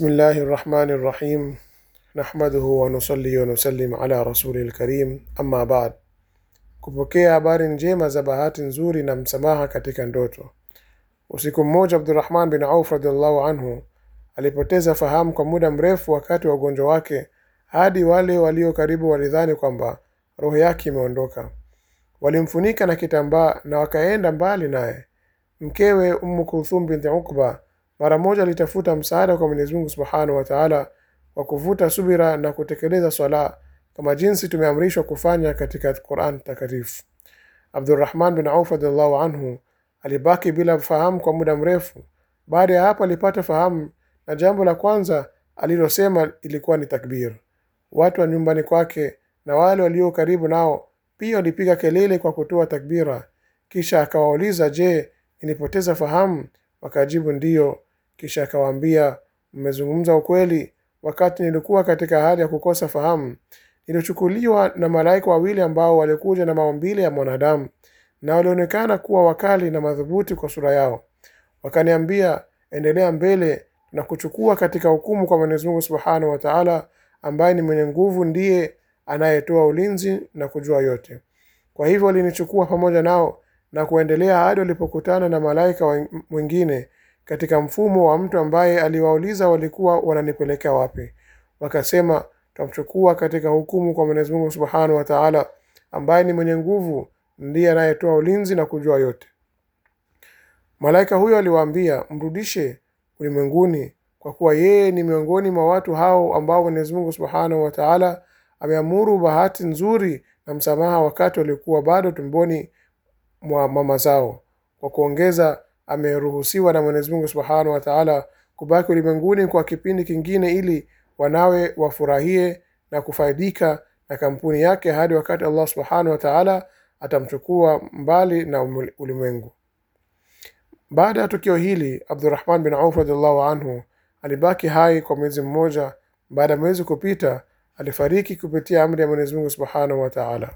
الله rahmani rahim nahmaduhu ونصلي ونسلم على رسول lkarim amma بعد Kupokea habari njema za bahati nzuri na msamaha katika ndoto. Usiku mmoja Abdurrahman bin Auf radhiallahu anhu alipoteza fahamu kwa muda mrefu wakati wa ugonjwa wake, hadi wale walio karibu walidhani kwamba roho yake imeondoka. Walimfunika na kitambaa na wakaenda mbali naye. Mkewe Ummu Kulthum binti Ukba mara moja alitafuta msaada kwa Mwenyezi Mungu Subhanahu wa Ta'ala kwa kuvuta subira na kutekeleza swala kama jinsi tumeamrishwa kufanya katika Qur'an takatifu. Abdurrahman bin Auf radhiallahu anhu alibaki bila fahamu kwa muda mrefu. Baada ya hapo alipata fahamu na jambo la kwanza alilosema ilikuwa ni takbir. Watu wa nyumbani kwake na wale walio karibu nao pia walipiga kelele kwa kutoa takbira. Kisha akawauliza, je, nilipoteza fahamu? Wakajibu ndiyo. Kisha akawaambia, mmezungumza ukweli. Wakati nilikuwa katika hali ya kukosa fahamu, nilichukuliwa na malaika wawili ambao walikuja na maumbile ya mwanadamu na walionekana kuwa wakali na madhubuti kwa sura yao. Wakaniambia, endelea mbele na kuchukua katika hukumu kwa Mwenyezi Mungu Subhanahu wa Ta'ala, ambaye ni mwenye nguvu, ndiye anayetoa ulinzi na kujua yote. Kwa hivyo walinichukua pamoja nao na kuendelea hadi walipokutana na malaika mwingine katika mfumo wa mtu ambaye aliwauliza walikuwa wananipeleka wapi wakasema tamchukua katika hukumu kwa Mwenyezi Mungu Subhanahu wa Ta'ala ambaye ni mwenye nguvu ndiye anayetoa ulinzi na kujua yote malaika huyo aliwaambia mrudishe ulimwenguni kwa kuwa yeye ni miongoni mwa watu hao ambao Mwenyezi Mungu Subhanahu wa Ta'ala ameamuru bahati nzuri na msamaha wakati walikuwa bado tumboni mwa mama zao kwa kuongeza ameruhusiwa na Mwenyezi Mungu Subhanahu wa Ta'ala kubaki ulimwenguni kwa kipindi kingine ili wanawe wafurahie na kufaidika na kampuni yake hadi wakati Allah Subhanahu wa Ta'ala atamchukua mbali na ulimwengu. Baada ya tukio hili, Abdurrahman bin Auf radhiallahu anhu alibaki hai kwa mwezi mmoja. Baada ya mwezi kupita, alifariki kupitia amri ya Mwenyezi Mungu Subhanahu wa Ta'ala.